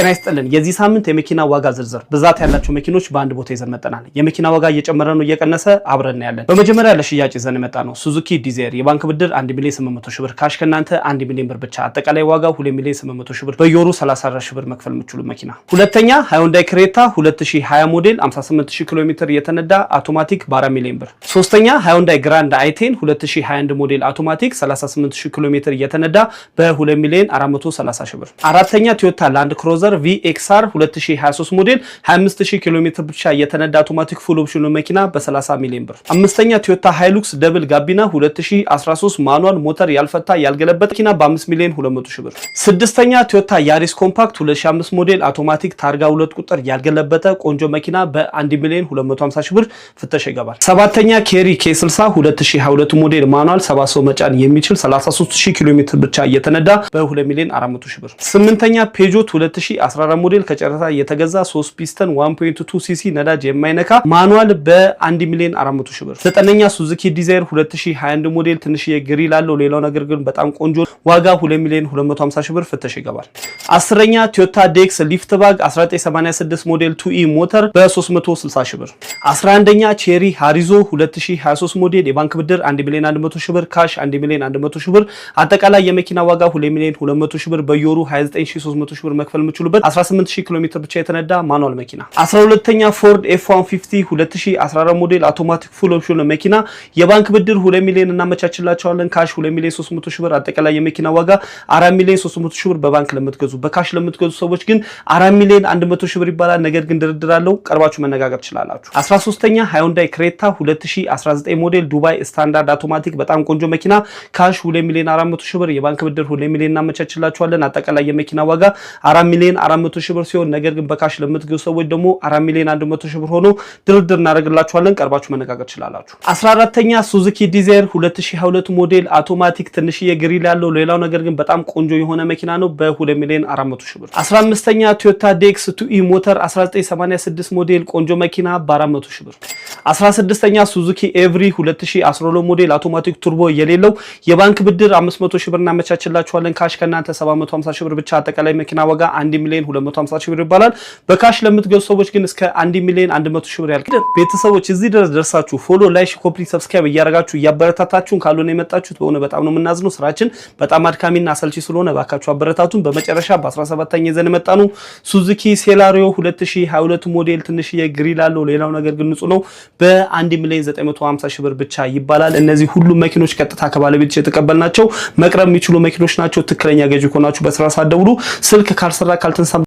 ጤና ይስጥልን። የዚህ ሳምንት የመኪና ዋጋ ዝርዝር ብዛት ያላቸው መኪኖች በአንድ ቦታ ይዘን መጠናል። የመኪና ዋጋ እየጨመረ ነው እየቀነሰ አብረን ያለን። በመጀመሪያ ለሽያጭ ይዘን የመጣ ነው ሱዙኪ ዲዜር የባንክ ብድር 1 ሚሊዮን 800 ሺህ ብር ካሽ ከእናንተ 1 ሚሊዮን ብር ብቻ አጠቃላይ ዋጋ 2 ሚሊዮን 800 ሺህ ብር በየወሩ 34 ሺህ ብር መክፈል የምችሉ መኪና። ሁለተኛ ሃይንዳይ ክሬታ 2020 ሞዴል 58000 ኪሎ ሜትር የተነዳ አውቶማቲክ በ4 ሚሊዮን ብር። ሶስተኛ ሃይንዳይ ግራንድ አይቴን 2021 ሞዴል አውቶማቲክ 38000 ኪሎ ሜትር የተነዳ በ2 ሚሊዮን 430 ሺህ ብር። አራተኛ ቶዮታ ላንድ ክሮዘር ሞተር ቪኤክስአር 2023 ሞዴል 25000 ኪሎ ሜትር ብቻ የተነዳ አውቶማቲክ ፉል ኦፕሽኑ መኪና በ30 ሚሊዮን ብር። አምስተኛ ቶዮታ ሃይሉክስ ደብል ጋቢና 2013 ማኑዋል ሞተር ያልፈታ ያልገለበጠ መኪና በ5 ሚሊዮን 200 ሺህ ብር። ስድስተኛ ቶዮታ ያሪስ ኮምፓክት 2005 ሞዴል አውቶማቲክ ታርጋ 2 ቁጥር ያልገለበጠ ቆንጆ መኪና በ1 ሚሊዮን 250 ሺህ ብር ፍተሻ ይገባል። ሰባተኛ ኬሪ K60 2022 ሞዴል ማኑዋል ሰባ ሰው መጫን የሚችል 33000 ኪሎ ሜትር ብቻ እየተነዳ በ2 ሚሊዮን 400 ሺህ ብር። ስምንተኛ ፔጆት 2014 ሞዴል ከጨረታ የተገዛ 3 ፒስተን 1.2 ሲሲ ነዳጅ የማይነካ ማኑዋል በ1 ሚሊዮን 400 ሺህ ብር። ዘጠነኛ ሱዙኪ ዲዛይር 2021 ሞዴል ትንሽዬ ግሪል አለው። ሌላው ነገር ግን በጣም ቆንጆ ዋጋ 2 ሚሊዮን 250 ሺህ ብር ፍተሽ ይገባል። አስረኛ ቶዮታ ዴክስ ሊፍት ባግ 1986 ሞዴል ቱኢ ሞተር በ360 ሺህ ብር። 11ኛ ቼሪ ሃሪዞ 2023 ሞዴል የባንክ ብድር 1 ሚሊዮን 100 ሺህ ብር ካሽ 1 ሚሊዮን 100 ሺህ ብር አጠቃላይ የመኪና ዋጋ 2 ሚሊዮን 200 ሺህ ብር በየወሩ 29300 ሺህ ብር መክፈል ምቹ የምትችሉበት 18000 ኪሎ ሜትር ብቻ የተነዳ ማኑዋል መኪና 12ተኛ ፎርድ ኤፍ150 2014 ሞዴል አውቶማቲክ ፉል ኦፕሽን መኪና የባንክ ብድር 2 ሚሊዮን እናመቻችላቸዋለን። ካሽ 2 ሚሊዮን 300 ሺህ ብር፣ አጠቃላይ የመኪና ዋጋ 4 ሚሊዮን 300 ሺህ ብር በባንክ ለምትገዙ፣ በካሽ ለምትገዙ ሰዎች ግን 4 ሚሊዮን 100 ሺህ ብር ይባላል። ነገር ግን ድርድር አለው፣ ቀርባችሁ መነጋገር ትችላላችሁ። 13ተኛ ሃይንዳይ ክሬታ 2019 ሞዴል ዱባይ ስታንዳርድ አውቶማቲክ በጣም ቆንጆ መኪና ካሽ 2 ሚሊዮን 400 ሺህ ብር፣ የባንክ ብድር 2 ሚሊዮን እናመቻችላቸዋለን። አጠቃላይ የመኪና ዋጋ 4 ሚሊዮን ሚሊዮን 400 ሺህ ብር ሲሆን ነገር ግን በካሽ ለምትገዙ ሰዎች ደግሞ 4 ሚሊዮን 100 ሺህ ብር ሆኖ ድርድር እናደርግላችኋለን። ቀርባችሁ መነጋገር ትችላላችሁ። 14ተኛ ሱዙኪ ዲዛይር 2022 ሞዴል አውቶማቲክ ትንሽዬ ግሪል ያለው ሌላው ነገር ግን በጣም ቆንጆ የሆነ መኪና ነው በ2 ሚሊዮን 400 ሺህ ብር። 15ተኛ ቶዮታ ዴክስ ቱኢ ሞተር 1986 ሞዴል ቆንጆ መኪና በ400 ሺህ ብር 16ኛ ሱዙኪ ኤቭሪ 2012 ሞዴል አውቶማቲክ ቱርቦ የሌለው የባንክ ብድር 500 ሺህ ብር እናመቻችላችኋለን። ካሽ ከእናንተ 750 ሺህ ብር ብቻ። አጠቃላይ መኪና ዋጋ 1 ሚሊዮን 250 ሺህ ብር ይባላል። በካሽ ለምትገዙ ሰዎች ግን እስከ 1 ሚሊዮን 100 ሺህ ብር ያልቅ። ቤተሰቦች እዚህ ድረስ ደርሳችሁ ፎሎ፣ ላይክ፣ ኮፕሊ ሰብስክራይብ እያደረጋችሁ እያበረታታችሁን ካልሆነ የመጣችሁት በሆነ በጣም ነው የምናዝነው። ስራችን በጣም አድካሚና አሰልቺ ስለሆነ ባካችሁ አበረታቱን። በመጨረሻ በ17ኛ ይዘን የመጣ ነው ሱዙኪ ሴላሪዮ 2022 ሞዴል ትንሽዬ ግሪል አለው። ሌላው ነገር ግን ንጹህ ነው። በ1 ሚሊዮን 950 ሺህ ብር ብቻ ይባላል። እነዚህ ሁሉ መኪኖች ቀጥታ ከባለቤት የተቀበልናቸው መቅረብ የሚችሉ መኪኖች ናቸው። ትክክለኛ ገዢ ከሆናችሁ በስራ ሳደውሉ ስልክ ካልሰራ ካልተንሳ